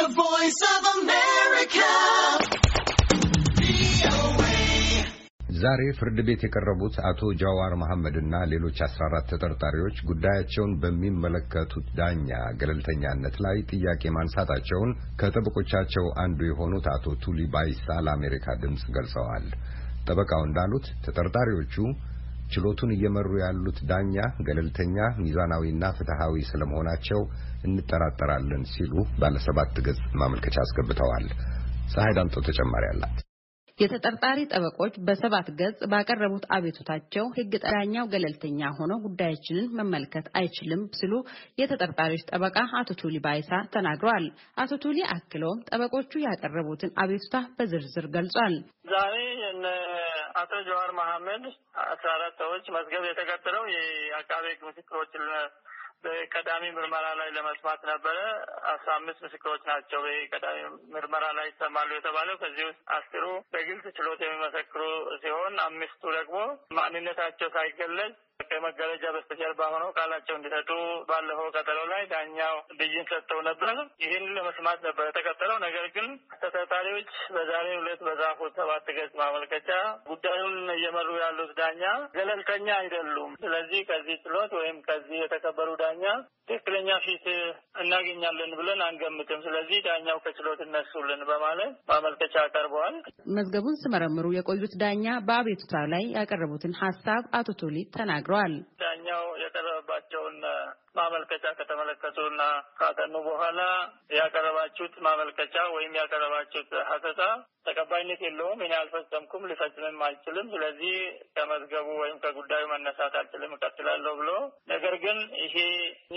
The Voice of America. ዛሬ ፍርድ ቤት የቀረቡት አቶ ጃዋር መሐመድ እና ሌሎች 14 ተጠርጣሪዎች ጉዳያቸውን በሚመለከቱት ዳኛ ገለልተኛነት ላይ ጥያቄ ማንሳታቸውን ከጠበቆቻቸው አንዱ የሆኑት አቶ ቱሊ ባይሳ ለአሜሪካ ድምፅ ገልጸዋል። ጠበቃው እንዳሉት ተጠርጣሪዎቹ ችሎቱን እየመሩ ያሉት ዳኛ ገለልተኛ፣ ሚዛናዊና ፍትሐዊ ስለመሆናቸው እንጠራጠራለን ሲሉ ባለሰባት ገጽ ማመልከቻ አስገብተዋል። ፀሐይ ዳምጠው ተጨማሪ አላት። የተጠርጣሪ ጠበቆች በሰባት ገጽ ባቀረቡት አቤቱታቸው ሕግ ዳኛው ገለልተኛ ሆኖ ጉዳያችንን መመልከት አይችልም ሲሉ የተጠርጣሪዎች ጠበቃ አቶ ቱሊ ባይሳ ተናግረዋል። አቶ ቱሊ አክለውም ጠበቆቹ ያቀረቡትን አቤቱታ በዝርዝር ገልጿል። ዛሬ አቶ ጀዋር መሐመድ አስራ አራት ሰዎች መዝገብ የተቀጠለው የአቃቤ ሕግ ምስክሮችን በቀዳሚ ምርመራ ላይ ለመስማት ነበረ። አስራ አምስት ምስክሮች ናቸው በቀዳሚ ምርመራ ላይ ይሰማሉ የተባለው። ከዚህ ውስጥ አስሩ በግልጽ ችሎት የሚመሰክሩ ሲሆን አምስቱ ደግሞ ማንነታቸው ሳይገለጽ ከመጋረጃ በስተጀርባ ሆነው ቃላቸው እንዲሰጡ ባለፈው ቀጠሮ ላይ ዳኛው ብይን ሰጥተው ነበር። ይህን ለመስማት ነበር የተቀጠረው። ነገር ግን ተጠርጣሪዎች በዛሬ ሁለት በጻፉት ሰባት ገጽ ማመልከቻ ጉዳዩን እየመሩ ያሉት ዳኛ ገለልተኛ አይደሉም። ስለዚህ ከዚህ ችሎት ወይም ከዚህ የተከበሩ ዳኛ ትክክለኛ ፊት እናገኛለን ብለን አንገምትም። ስለዚህ ዳኛው ከችሎት እነሱልን በማለት ማመልከቻ ቀርበዋል። መዝገቡን ስመረምሩ የቆዩት ዳኛ በአቤቱታ ላይ ያቀረቡትን ሀሳብ አቶ ቶሊ ተናግረዋል። ዳኛው የቀረበባቸውን ማመልከቻ ከተመለከቱና ካጠኑ በኋላ ያቀረባችሁት ማመልከቻ ወይም ያቀረባችሁት ሀሰሳ ተቀባይነት የለውም፣ እኔ አልፈጸምኩም፣ ልፈጽምም አልችልም፣ ስለዚህ ከመዝገቡ ወይም ከጉዳዩ መነሳት አልችልም፣ እቀጥላለሁ ብሎ ነገር ግን ይሄ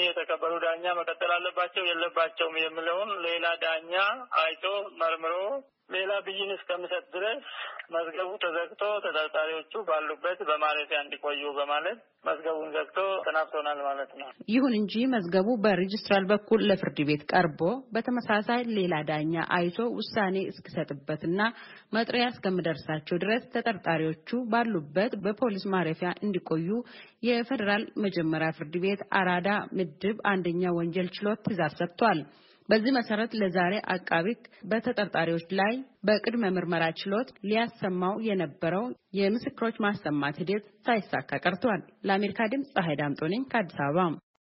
የተቀበሉ ዳኛ መቀጠል አለባቸው የለባቸውም የሚለውን ሌላ ዳኛ አይቶ መርምሮ ሌላ ብይን እስከምሰጥ ድረስ መዝገቡ ተዘግቶ ተጠርጣሪዎቹ ባሉበት በማረፊያ እንዲቆዩ በማለት መዝገቡን ዘግቶ ተናፍቶናል ማለት ነው። ይሁን እንጂ መዝገቡ በሬጅስትራል በኩል ለፍርድ ቤት ቀርቦ በተመሳሳይ ሌላ ዳኛ አይቶ ውሳኔ እስክሰጥበትና መጥሪያ እስከምደርሳቸው ድረስ ተጠርጣሪዎቹ ባሉበት በፖሊስ ማረፊያ እንዲቆዩ የፌዴራል መጀመሪያ ፍርድ ቤት አራዳ ምድብ አንደኛ ወንጀል ችሎት ትእዛዝ ሰጥቷል። በዚህ መሰረት ለዛሬ አቃቢ በተጠርጣሪዎች ላይ በቅድመ ምርመራ ችሎት ሊያሰማው የነበረው የምስክሮች ማሰማት ሂደት ሳይሳካ ቀርቷል። ለአሜሪካ ድምፅ ፀሐይ ዳምጦ ነኝ ከአዲስ አበባ